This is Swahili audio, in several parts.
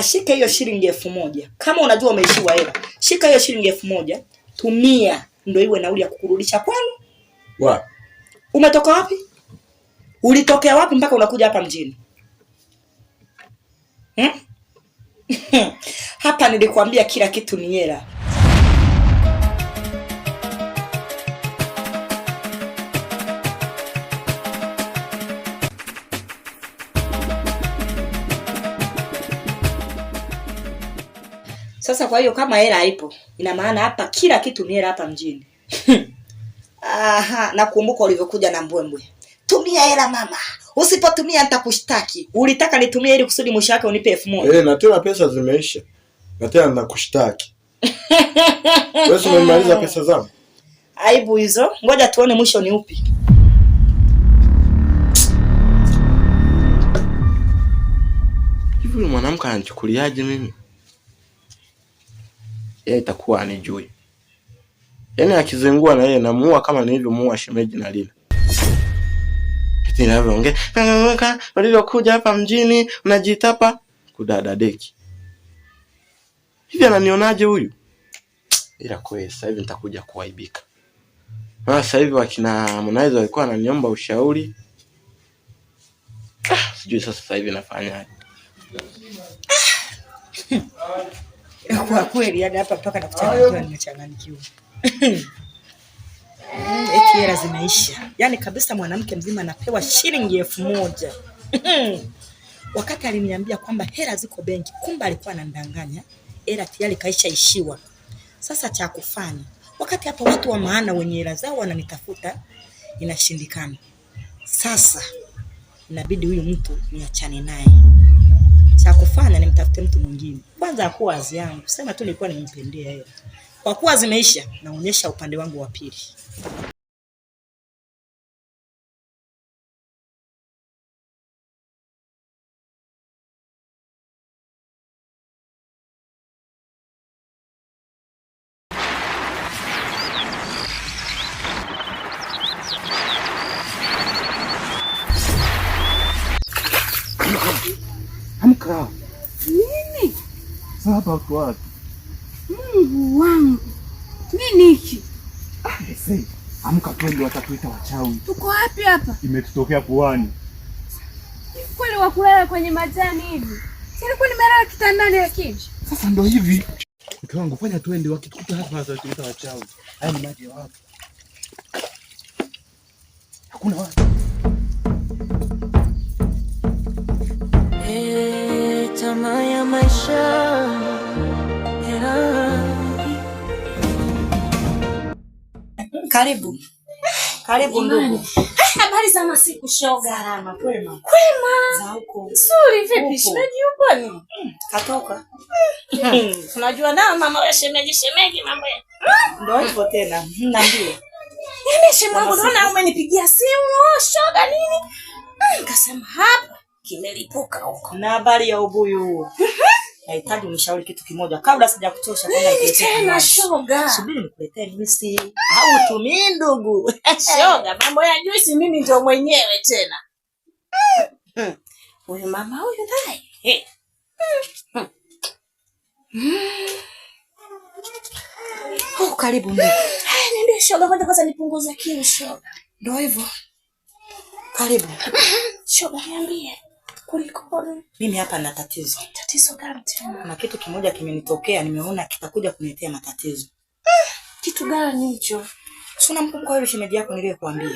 kashika hiyo shilingi elfu moja kama unajua umeishiwa hela, shika hiyo shilingi elfu moja tumia, ndio iwe nauli ya kukurudisha kwenu. Wa umetoka wapi? Ulitokea wapi mpaka unakuja hapa mjini hmm? Hapa nilikwambia kila kitu ni hela. Sasa kwa hiyo kama hela ipo, ina maana hapa kila kitu ni hela hapa mjini. Aha, nakumbuka ulivyokuja na mbwembwe. Tumia hela mama. Usipotumia nitakushtaki. Ulitaka nitumie ili kusudi mwisho wake unipe 1000. Eh, na tena pesa zimeisha. Na tena nakushtaki. Wewe umemaliza pesa zangu. Aibu hizo. Ngoja tuone mwisho ni upi. Hivi mwanamke anachukuliaje mimi? yeye itakuwa anijui. Yaani akizingua na yeye namuua kama nilivyomuua shemeji na lile. Kiti ninavyoongea, kangaweka kuja hapa mjini unajitapa kudada deki. Hivi ananionaje huyu? Ila kwa sasa hivi nitakuja kuaibika. Maana sasa hivi wakina Harmonize walikuwa wananiomba ushauri. Ah, sijui sasa hivi nafanyaje. Kwa kweli hadi hapa mpaka nakuchanganyikiwa, nimechanganyikiwa. Eti hela zinaisha, yaani kabisa, mwanamke mzima anapewa shilingi elfu moja wakati aliniambia kwamba hela ziko benki, kumbe alikuwa anandanganya, hela tayari kaishaishiwa. Sasa cha kufanya, wakati hapa watu wa maana wenye hela zao wananitafuta, inashindikana. Sasa inabidi huyu mtu niachane naye. Cha kufanya nimtafute mtu mwingine kwanza hakuwa wazi yangu, sema tu nilikuwa nimempendea yeye. Kwa kuwa zimeisha, naonyesha upande wangu wa pili. Sasa hapa uko Mungu wangu. Nini hiki? Ah, sei. Amka twende watatuita wachawi. Tuko wapi hapa? Imetutokea kuwani. Kweli wa kulala kwenye majani hivi. Silikuwa nimelala kitandani lakini. Sasa ndo hivi. Mke wangu fanya twende wakitukuta hapa watatuita wachawi. Haya ni maji ya watu. Hakuna watu. Karibu. Karibu ndugu. Habari za masiku shoga. Salama kwema. Kwema. Za huko. Nzuri vipi? Shemeji yuko ni? Mm, katoka. Unajua na mama wa shemeji shemeji mambo ya. Hmm? Ndio hivyo tena. Na Yaani shemangu naona umenipigia simu oh, shoga nini? Hmm, nikasema hapa kimelipuka huko. Na habari ya ubuyu huo. Mhm. Nahitaji unishauri kitu kimoja kabla sija sijakuchosha. Tena shoga, subiri nikuletee juisi au tumii ndugu. Shoga, mambo ya juisi mimi ndio mwenyewe tena. Hmm. Huyu mama huyu naye hmm. Hmm. Oh, karibu mimi. Niambie shoga, kwanza kwanza nipunguze kiu shoga. Ndio hivyo. Karibu. Shoga, niambie kulikoni. Mimi hapa na tatizo tatizo gani tena? Kuna kitu kimoja kimenitokea, nimeona kitakuja kuniletea matatizo. Eh, kitu gani hicho? Si unamkumbuka yule shemeji yako niliyokuambia?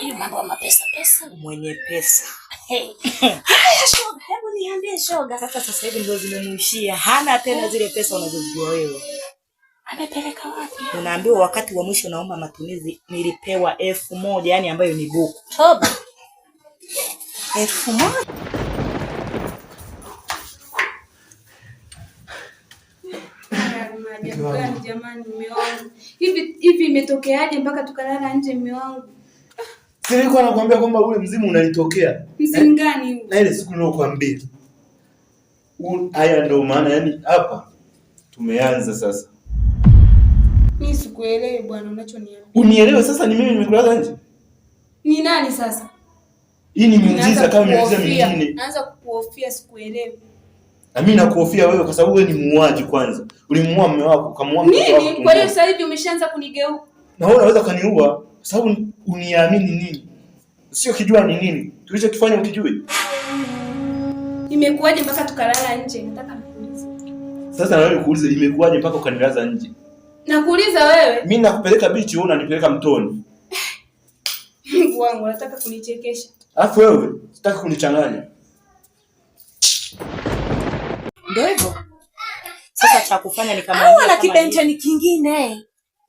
Huyu mambo ya pesa pesa, mwenye pesa. Hey. Haya shoga, hebu niambie shoga. Sasa sasa hivi ndio zimemuishia. Hana tena zile pesa unazojua wewe. Amepeleka wapi? Unaambiwa wakati wa mwisho naomba matumizi, nilipewa elfu moja yani ambayo ni buku. Toba. Elfu moja. gani jamani, mume wangu? Hivi hivi imetokeaje mpaka tukalala nje mume wangu? nilikuwa nakwambia kwamba ule mzimu unalitokea. Mzimu eh, gani huo? Na ile siku niliyokuambia. Haya ndio maana yani hapa tumeanza sasa. Mimi sikuelewi bwana unachoniambia. Unielewe sasa ni mimi nimekulaza nje? Ni nani sasa? Hii ni muujiza kama muujiza mwingine. Naanza kukuhofia sikuelewi. Na mimi nakuhofia wewe kwa sababu wewe ni muuaji kwanza. Ulimuua mume wako, kamuua mume wako. Mimi kwa hiyo sasa hivi umeshaanza kunigeuka. Na wewe unaweza kaniua kwa sababu uniamini nini? Sio kijua ni nini. Tulichokifanya ukijui. Imekuwaje mpaka tukalala nje? Nataka nikuulize. Sasa na wewe nikuulize imekuwaje mpaka ukanilaza nje? Nakuuliza wewe. Mimi nakupeleka bichi wewe unanipeleka mtoni. Mungu wangu, nataka kunichekesha. Alafu wewe, sitaki kunichanganya. Ndio hivyo ah! sasa, cha kufanya ni kama au ana kibenteni kingine.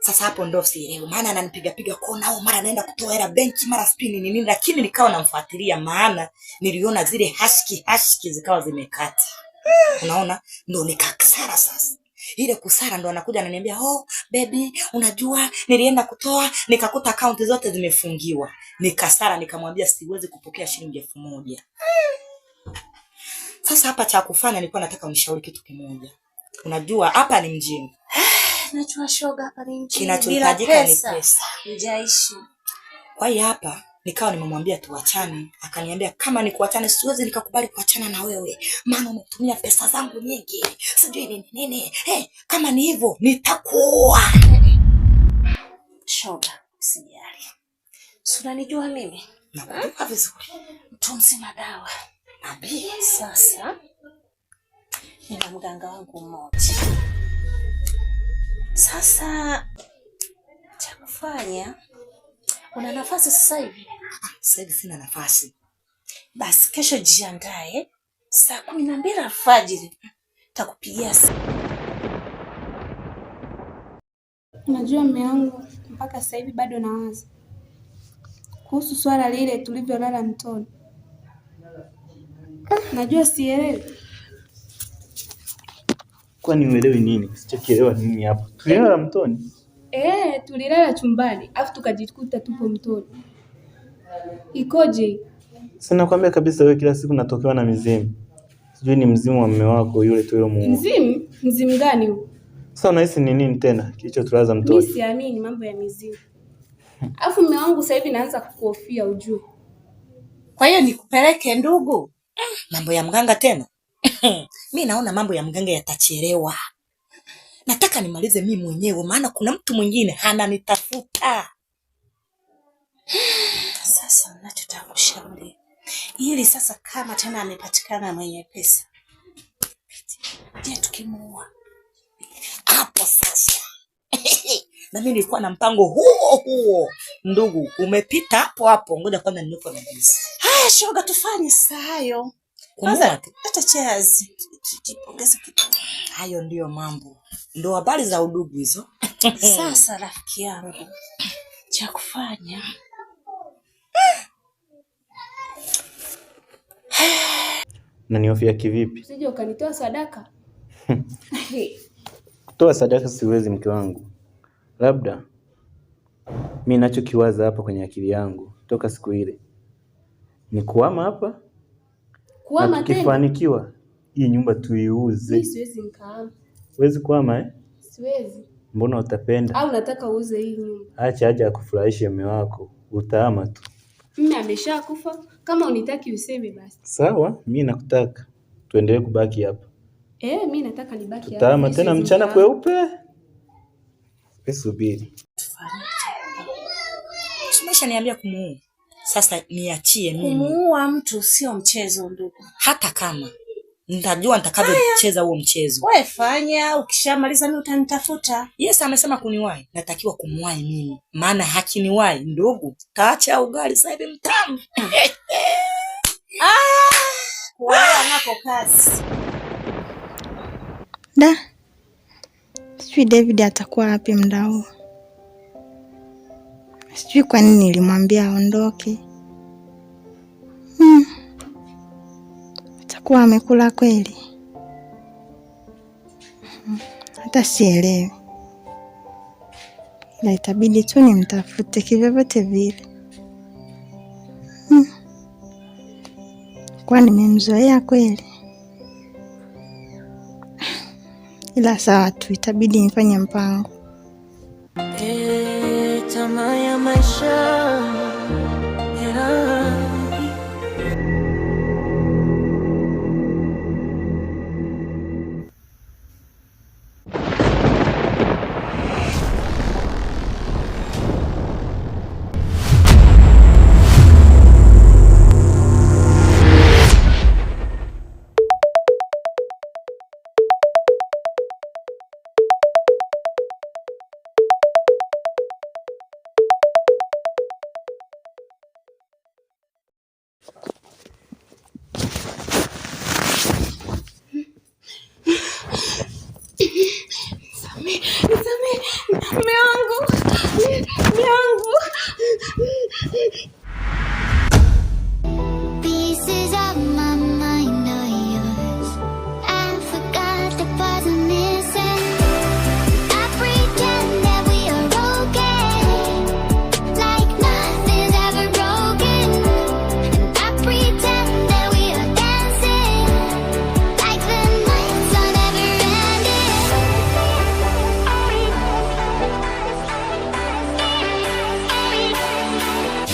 Sasa hapo ndo sielewi, maana ananipiga piga kona au mara anaenda kutoa hela benki, mara spini ni nini, lakini nikawa namfuatilia, maana niliona zile hashki hashki zikawa zimekata. Ah! Unaona, ndo nikakasara sasa ile kusara ndo anakuja ananiambia, oh baby, unajua nilienda kutoa nikakuta akaunti zote zimefungiwa. Nikasara nikamwambia siwezi kupokea shilingi elfu moja. Ah! Sasa hapa cha kufanya, nilikuwa nataka unishauri kitu kimoja. Unajua hapa ni mjini, najua shoga, hapa ni mjini, kinachohitajika ni pesa, njaishi. Kwa hiyo hapa nikawa nimemwambia tuachane, akaniambia kama ni kuachane siwezi nikakubali kuachana na wewe, maana umetumia pesa zangu nyingi, sijui nini nini. Eh, hey, kama ni hivyo nitakuoa. Shoga, usijali, si mimi, nakujua vizuri, mtu mzima dawa sasa nina mganga wangu mmoja. Sasa cha kufanya, una nafasi sasa hivi? Sasa hivi sina nafasi. Basi kesho jiandae, saa kumi na mbili alfajiri takupigia simu. Unajua mme wangu, mpaka sasa hivi bado nawaza kuhusu swala lile tulivyolala mtoni Najua sielewi. Kwani uelewi nini? Sichokielewa nini hapa? Tulilala mtoni. Eh, tulilala chumbani afu tukajikuta tupo mtoni. Ikoje? Sina kwambia kabisa, wewe kila siku natokewa na mizimu. Sijui ni mzimu wa mume wako yule tu yule mume. Mzimu? Mzimu gani huo? Sasa unahisi ni nini tena kilicho tulaza mtoni? Mimi siamini mambo ya mizimu. Afu mume wangu sasa hivi naanza kukuhofia ujue. Kwa hiyo nikupeleke ndugu? mambo ya mganga tena mi naona mambo ya mganga yatachelewa. Nataka nimalize mi mwenyewe, maana kuna mtu mwingine ananitafuta sasa. Nachotaka ili sasa, kama tena amepatikana mwenye pesa, je, tukimuua hapo sasa? na mimi nilikuwa na mpango huo huo, ndugu, umepita hapo hapo. Ngoja kwanza niko na bisi Shoga, tufanye sayo hata chazi tujipongeze Hayo ndiyo mambo, ndo habari za udugu hizo. Sasa rafiki yangu, cha kufanya na nihofia kivipi? Sije ukanitoa sadaka kutoa sadaka siwezi, mke wangu. Labda mi nachokiwaza hapa kwenye akili yangu toka siku ile ni kuama hapa kuama, tena. tukifanikiwa hii nyumba tuiuze. Mimi Siwezi nikaama. Huwezi kuama eh? Siwezi. Mbona utapenda? Au nataka uuze hii nyumba. Acha aje akufurahishe mume wako, utaama tu. Mimi ameshakufa, kama unitaki useme basi. Sawa, mimi nakutaka tuendelee kubaki hapa. Eh, mimi nataka nibaki hapa. Tutaama tena mchana kweupe. Subiri. niambia kumuua. Sasa niachie mimi. Kumuua mtu sio mchezo ndugu, hata kama nitajua nitakavyocheza huo mchezo. Wewe fanya, ukishamaliza mimi utanitafuta. Yes, amesema kuniwahi, natakiwa kumwahi mimi, maana hakiniwahi ndugu, taacha ugali sasa hivi mtamu. Ah, wao anako kazi da, sijui David atakuwa wapi mda huu. Sijui kwa nini nilimwambia aondoke. Hmm, atakuwa amekula kweli. Hmm, hata sielewi, ila itabidi tu nimtafute kivyovyote vile. Hmm, kwa nimemzoea kweli, ila sawa tu, itabidi nifanye mpango. my shirt